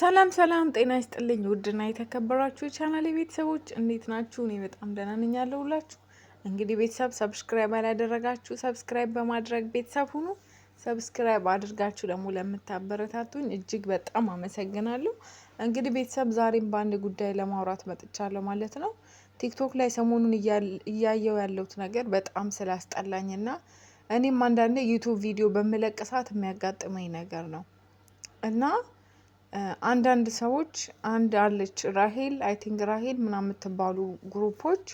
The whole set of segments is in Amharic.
ሰላም ሰላም፣ ጤና ይስጥልኝ ውድና የተከበራችሁ የቻናሌ ቤተሰቦች እንዴት ናችሁ? እኔ በጣም ደህና ነኝ እንግዲህ ቤተሰብ ሰብስክራይብ ያላደረጋችሁ ሰብስክራይብ በማድረግ ቤተሰብ ሁኑ። ሰብስክራይብ አድርጋችሁ ደግሞ ለምታበረታቱኝ እጅግ በጣም አመሰግናለሁ። እንግዲህ ቤተሰብ ዛሬም በአንድ ጉዳይ ለማውራት መጥቻለሁ ማለት ነው። ቲክቶክ ላይ ሰሞኑን እያየው ያለሁት ነገር በጣም ስላስጠላኝ እና እኔም አንዳንዴ ዩቱብ ቪዲዮ በምለቅ ሰዓት የሚያጋጥመኝ ነገር ነው እና አንዳንድ ሰዎች አንድ አለች ራሄል አይ ቲንክ ራሄል ምናምን የምትባሉ ግሩፖች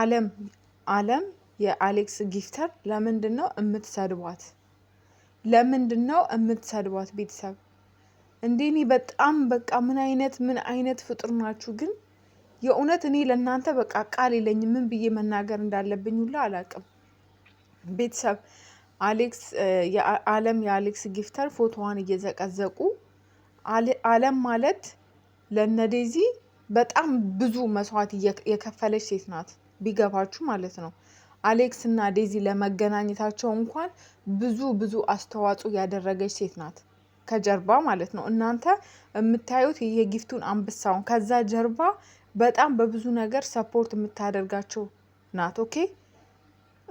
አለም አለም የአሌክስ ጊፍተር ለምንድን ነው የምትሰድቧት? ለምንድን ነው የምትሰድቧት? ቤተሰብ እንዴ እኔ በጣም በቃ ምን አይነት ምን አይነት ፍጡር ናችሁ? ግን የእውነት እኔ ለእናንተ በቃ ቃል የለኝም። ምን ብዬ መናገር እንዳለብኝ ሁላ አላቅም ቤተሰብ አሌክስ አለም የአሌክስ ጊፍተር ፎቶዋን እየዘቀዘቁ አለም ማለት ለነዴዚ በጣም ብዙ መስዋዕት የከፈለች ሴት ናት፣ ቢገባችሁ ማለት ነው። አሌክስ እና ዴዚ ለመገናኘታቸው እንኳን ብዙ ብዙ አስተዋጽኦ ያደረገች ሴት ናት፣ ከጀርባ ማለት ነው። እናንተ የምታዩት የጊፍቱን አንበሳውን ከዛ ጀርባ በጣም በብዙ ነገር ሰፖርት የምታደርጋቸው ናት። ኦኬ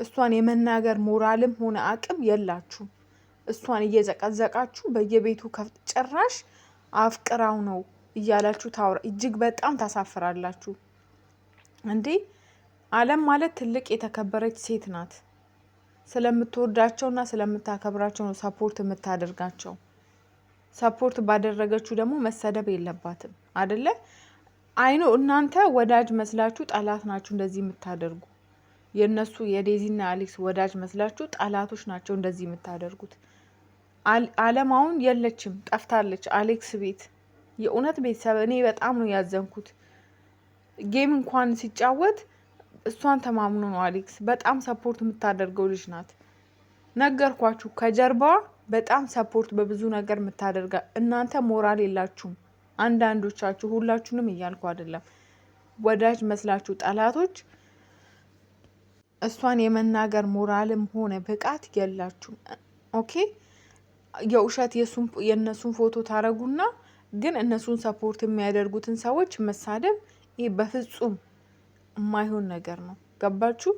እሷን የመናገር ሞራልም ሆነ አቅም የላችሁም። እሷን እየዘቀዘቃችሁ በየቤቱ ከፍት ጭራሽ አፍቅራው ነው እያላችሁ ታውራ እጅግ በጣም ታሳፍራላችሁ። እንዴ አለም ማለት ትልቅ የተከበረች ሴት ናት። ስለምትወዳቸውና ስለምታከብራቸው ነው ሰፖርት የምታደርጋቸው። ሰፖርት ባደረገችው ደግሞ መሰደብ የለባትም አደለ? አይኖ እናንተ ወዳጅ መስላችሁ ጠላት ናችሁ እንደዚህ የምታደርጉ የእነሱ የዴዚና አሌክስ ወዳጅ መስላችሁ ጠላቶች ናቸው እንደዚህ የምታደርጉት። አለም አሁን የለችም፣ ጠፍታለች አሌክስ ቤት። የእውነት ቤተሰብ እኔ በጣም ነው ያዘንኩት። ጌም እንኳን ሲጫወት እሷን ተማምኖ ነው አሌክስ። በጣም ሰፖርት የምታደርገው ልጅ ናት። ነገርኳችሁ፣ ከጀርባ በጣም ሰፖርት በብዙ ነገር የምታደርጋ። እናንተ ሞራል የላችሁም አንዳንዶቻችሁ፣ ሁላችሁንም እያልኩ አይደለም። ወዳጅ መስላችሁ ጠላቶች እሷን የመናገር ሞራልም ሆነ ብቃት የላችሁም። ኦኬ የውሸት የእነሱን ፎቶ ታረጉና ግን እነሱን ሰፖርት የሚያደርጉትን ሰዎች መሳደብ ይህ በፍጹም የማይሆን ነገር ነው። ገባችሁ?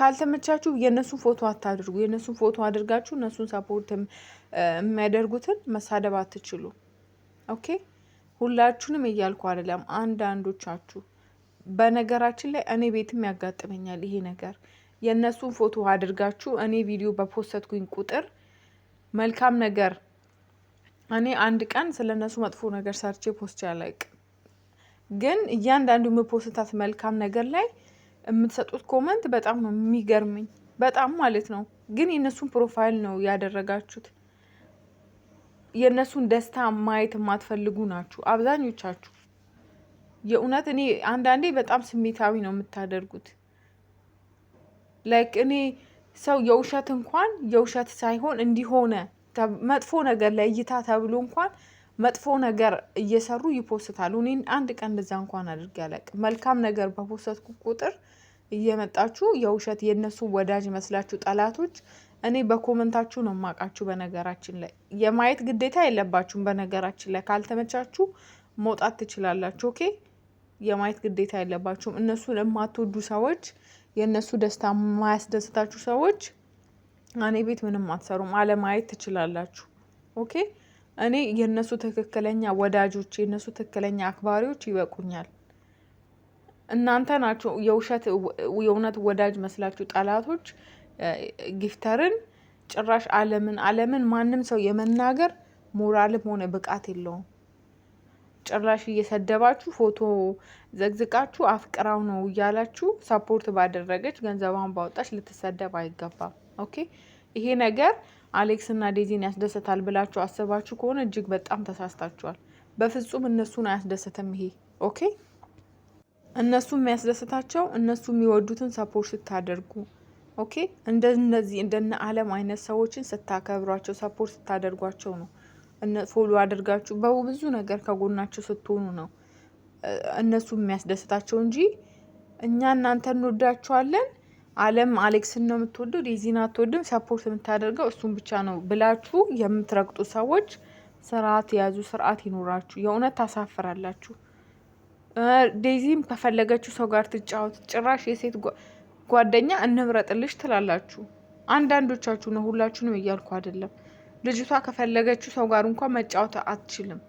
ካልተመቻችሁ የእነሱን ፎቶ አታድርጉ። የእነሱን ፎቶ አድርጋችሁ እነሱን ሰፖርት የሚያደርጉትን መሳደብ አትችሉ። ኦኬ ሁላችሁንም እያልኩ አይደለም፣ አንዳንዶቻችሁ በነገራችን ላይ እኔ ቤትም ያጋጥመኛል ይሄ ነገር። የእነሱን ፎቶ አድርጋችሁ እኔ ቪዲዮ በፖስተትኩኝ ቁጥር መልካም ነገር እኔ አንድ ቀን ስለ እነሱ መጥፎ ነገር ሰርቼ ፖስቼ አላውቅም። ግን እያንዳንዱ የምፖስታት መልካም ነገር ላይ የምትሰጡት ኮመንት በጣም ነው የሚገርምኝ። በጣም ማለት ነው። ግን የእነሱን ፕሮፋይል ነው ያደረጋችሁት። የእነሱን ደስታ ማየት የማትፈልጉ ናችሁ አብዛኞቻችሁ። የእውነት እኔ አንዳንዴ በጣም ስሜታዊ ነው የምታደርጉት። ላይክ እኔ ሰው የውሸት እንኳን የውሸት ሳይሆን እንዲሆነ መጥፎ ነገር ለእይታ ተብሎ እንኳን መጥፎ ነገር እየሰሩ ይፖስታሉ። እኔ አንድ ቀን እንደዛ እንኳን አድርጌ አላውቅም። መልካም ነገር በፖስትኩ ቁጥር እየመጣችሁ የውሸት የእነሱ ወዳጅ መስላችሁ ጠላቶች፣ እኔ በኮመንታችሁ ነው የማውቃችሁ። በነገራችን ላይ የማየት ግዴታ የለባችሁም። በነገራችን ላይ ካልተመቻችሁ መውጣት ትችላላችሁ። ኦኬ የማየት ግዴታ የለባችሁም። እነሱ ለማትወዱ ሰዎች፣ የእነሱ ደስታ የማያስደስታችሁ ሰዎች እኔ ቤት ምንም አትሰሩም፣ አለማየት ትችላላችሁ። ኦኬ እኔ የእነሱ ትክክለኛ ወዳጆች፣ የእነሱ ትክክለኛ አክባሪዎች ይበቁኛል። እናንተ ናቸው የውሸት የእውነት ወዳጅ መስላችሁ ጠላቶች ጊፍተርን ጭራሽ አለምን አለምን ማንም ሰው የመናገር ሞራልም ሆነ ብቃት የለውም። ጭራሽ እየሰደባችሁ ፎቶ ዘግዝቃችሁ አፍቅራው ነው እያላችሁ ሰፖርት ባደረገች ገንዘቧን ባወጣች ልትሰደብ አይገባም። ኦኬ ይሄ ነገር አሌክስ እና ዴዚን ያስደስታል ብላችሁ አስባችሁ ከሆነ እጅግ በጣም ተሳስታችኋል። በፍጹም እነሱን አያስደስትም ይሄ። ኦኬ እነሱ የሚያስደስታቸው እነሱ የሚወዱትን ሰፖርት ስታደርጉ ኦኬ እንደነዚህ እንደነ አለም አይነት ሰዎችን ስታከብሯቸው ሰፖርት ስታደርጓቸው ነው። ፎሎ አድርጋችሁ በብዙ ነገር ከጎናቸው ስትሆኑ ነው እነሱ የሚያስደስታቸው እንጂ እኛ እናንተ እንወዳችኋለን፣ አለም አሌክስን ነው የምትወደው፣ ዴዚን አትወድም፣ ሰፖርት የምታደርገው እሱን ብቻ ነው ብላችሁ የምትረግጡ ሰዎች ስርዓት የያዙ ስርዓት ይኖራችሁ። የእውነት ታሳፍራላችሁ። ዴዚም ከፈለገችው ሰው ጋር ትጫወት፣ ጭራሽ የሴት ጓደኛ እንምረጥልሽ ትላላችሁ። አንዳንዶቻችሁ ነው፣ ሁላችሁንም እያልኩ አይደለም። ልጅቷ ከፈለገችው ሰው ጋር እንኳን መጫወት አትችልም።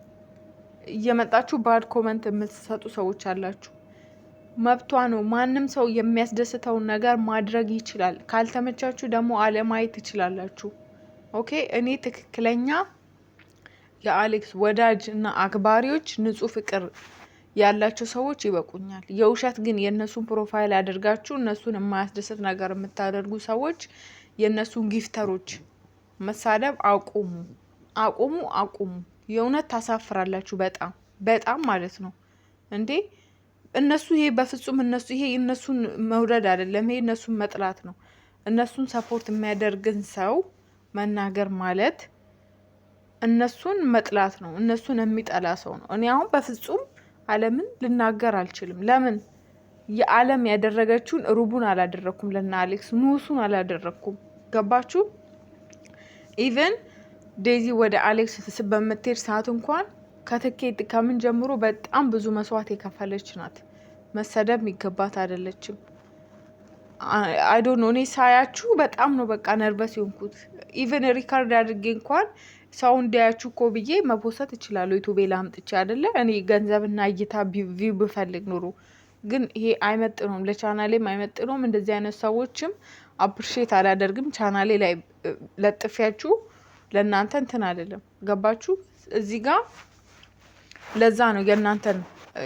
እየመጣችሁ ባድ ኮመንት የምትሰጡ ሰዎች አላችሁ። መብቷ ነው። ማንም ሰው የሚያስደስተውን ነገር ማድረግ ይችላል። ካልተመቻችሁ ደግሞ አለማየት ትችላላችሁ። ኦኬ። እኔ ትክክለኛ የአሌክስ ወዳጅ እና አክባሪዎች ንጹህ ፍቅር ያላቸው ሰዎች ይበቁኛል። የውሸት ግን የእነሱን ፕሮፋይል ያደርጋችሁ እነሱን የማያስደስት ነገር የምታደርጉ ሰዎች የእነሱን ጊፍተሮች መሳደብ አቁሙ፣ አቁሙ፣ አቁሙ። የእውነት ታሳፍራላችሁ። በጣም በጣም ማለት ነው እንዴ! እነሱ ይሄ በፍጹም እነሱ ይሄ እነሱን መውደድ አይደለም፣ ይሄ እነሱን መጥላት ነው። እነሱን ሰፖርት የሚያደርግን ሰው መናገር ማለት እነሱን መጥላት ነው። እነሱን የሚጠላ ሰው ነው። እኔ አሁን በፍጹም አለምን ልናገር አልችልም። ለምን የአለም ያደረገችውን ሩቡን አላደረግኩም፣ ለና አሌክስ ንሱን አላደረግኩም። ገባችሁ? ኢቨን ዴዚ ወደ አሌክስ ስብስብ በምትሄድ ሰዓት እንኳን ከትኬት ከምን ጀምሮ በጣም ብዙ መስዋዕት የከፈለች ናት። መሰደብ ይገባት አይደለችም። አይዶ እኔ ሳያችሁ በጣም ነው በቃ ነርበስ የሆንኩት። ኢቨን ሪካርድ አድርጌ እንኳን ሰው እንዲያያችሁ እኮ ብዬ መፖሰት እችላለሁ። ዩቱቤ ላምጥቼ አይደለ እኔ ገንዘብና እይታ ቪው ብፈልግ ኑሮ ግን ይሄ አይመጥነውም፣ ለቻናሌም አይመጥነውም። እንደዚህ አይነት ሰዎችም አፕሪሼት አላደርግም ቻናሌ ላይ ለጥፊያችሁ ለእናንተ እንትን አይደለም። ገባችሁ? እዚህ ጋር ለዛ ነው የእናንተን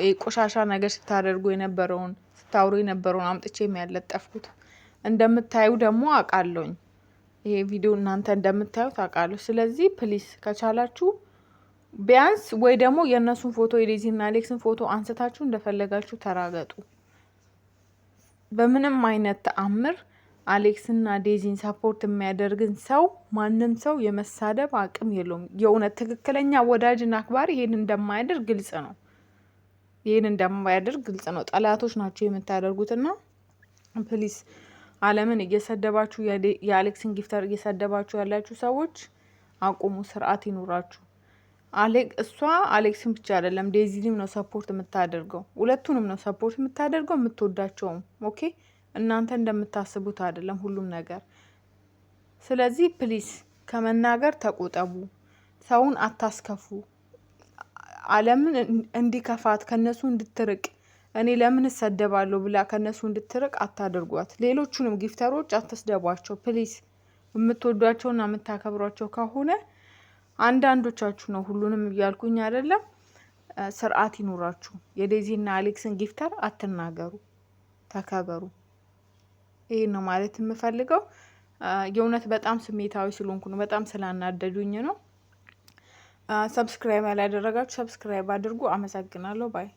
የቆሻሻ ነገር ስታደርጉ የነበረውን ስታውሩ የነበረውን አምጥቼ የሚያለጠፍኩት። እንደምታዩ ደግሞ አውቃለሁኝ። ይሄ ቪዲዮ እናንተ እንደምታዩት አውቃለሁ። ስለዚህ ፕሊስ ከቻላችሁ ቢያንስ ወይ ደግሞ የእነሱን ፎቶ የዴዚና ሌክስን ፎቶ አንስታችሁ እንደፈለጋችሁ ተራገጡ። በምንም አይነት ተአምር አሌክስና ዴዚን ሰፖርት የሚያደርግን ሰው ማንም ሰው የመሳደብ አቅም የለውም። የእውነት ትክክለኛ ወዳጅና አክባሪ ይህን እንደማያደርግ ግልጽ ነው። ይህን እንደማያደርግ ግልጽ ነው። ጠላቶች ናቸው የምታደርጉትና ፕሊስ አለምን እየሰደባችሁ የአሌክስን ጊፍተር እየሰደባችሁ ያላችሁ ሰዎች አቁሙ፣ ስርዓት ይኑራችሁ። አሌክ እሷ አሌክስን ብቻ አይደለም ዴዚንም ነው ሰፖርት የምታደርገው፣ ሁለቱንም ነው ሰፖርት የምታደርገው የምትወዳቸውም ኦኬ እናንተ እንደምታስቡት አይደለም ሁሉም ነገር። ስለዚህ ፕሊስ ከመናገር ተቆጠቡ፣ ሰውን አታስከፉ። ዓለምን እንዲከፋት ከነሱ እንድትርቅ እኔ ለምን እሰደባለሁ ብላ ከነሱ እንድትርቅ አታድርጓት። ሌሎቹንም ጊፍተሮች አትስደቧቸው ፕሊስ። የምትወዷቸውና የምታከብሯቸው ከሆነ አንዳንዶቻችሁ ነው ሁሉንም እያልኩኝ አይደለም። ስርዓት ይኑራችሁ። የዴዚና አሌክስን ጊፍተር አትናገሩ፣ ተከበሩ። ይሄን ነው ማለት የምፈልገው። የእውነት በጣም ስሜታዊ ስለሆንኩ ነው፣ በጣም ስላናደዱኝ ነው። ሰብስክራይብ ያላደረጋችሁ ሰብስክራይብ አድርጉ። አመሰግናለሁ ባይ